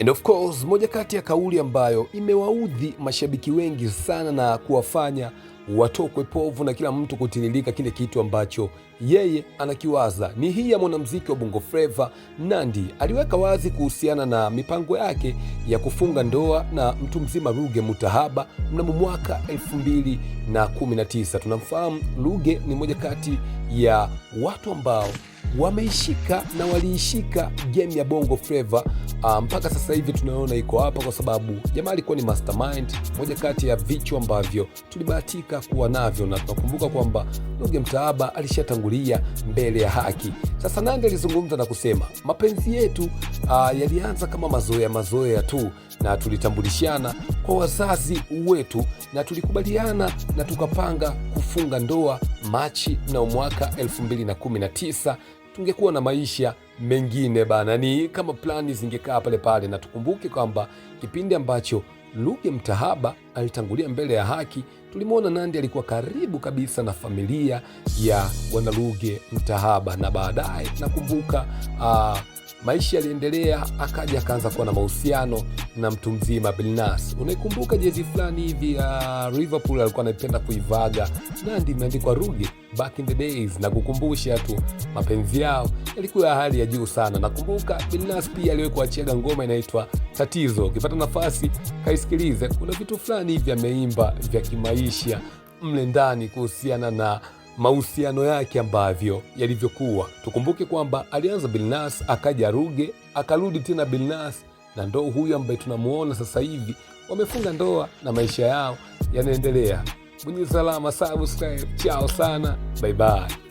And of course, moja kati ya kauli ambayo imewaudhi mashabiki wengi sana na kuwafanya watokwe povu na kila mtu kutililika kile kitu ambacho yeye anakiwaza ni hii ya mwanamuziki wa Bongo Flava Nandy. Aliweka wazi kuhusiana na mipango yake ya kufunga ndoa na mtu mzima Ruge Mutahaba mnamo mwaka 2019. Tunamfahamu Ruge ni moja kati ya watu ambao wameishika na waliishika game ya Bongo Flava ah, mpaka sasa hivi tunaona iko hapa, kwa sababu jamaa alikuwa ni mastermind, moja kati ya vichwa ambavyo tulibahatika kuwa navyo, na tunakumbuka kwamba Ruge Mtaaba alishatangulia mbele ya haki. Sasa Nandy alizungumza na kusema mapenzi yetu uh, yalianza kama mazoea mazoea tu, na tulitambulishana kwa wazazi wetu na tulikubaliana na tukapanga kufunga ndoa Machi na mwaka 2019 tungekuwa na maisha mengine bana, ni kama plani zingekaa pale pale, na tukumbuke kwamba kipindi ambacho luge mtahaba alitangulia mbele ya haki, tulimwona nandi alikuwa karibu kabisa na familia ya bwana luge mtahaba na baadaye nakumbuka uh, Maisha yaliendelea, akaja akaanza kuwa na mahusiano na mtu mzima Bilnas. Unaikumbuka jezi fulani hivi ya uh, Liverpool alikuwa anaipenda kuivaga na ndi imeandikwa rugi back in the days, na kukumbusha tu mapenzi yao yalikuwa ya hali ya juu sana. Nakumbuka Bilnas pia aliwahi kuachiaga ngoma inaitwa Tatizo. Ukipata nafasi kaisikilize, kuna vitu fulani hivi ameimba vya kimaisha mle ndani kuhusiana na mahusiano yake ambavyo yalivyokuwa. Tukumbuke kwamba alianza Bilnas, akaja Ruge, akarudi tena Bilnas, na ndo huyu ambaye tunamuona sasa hivi wamefunga ndoa na maisha yao yanaendelea. Mwenye salama, subscribe. Chao sana, bye bye.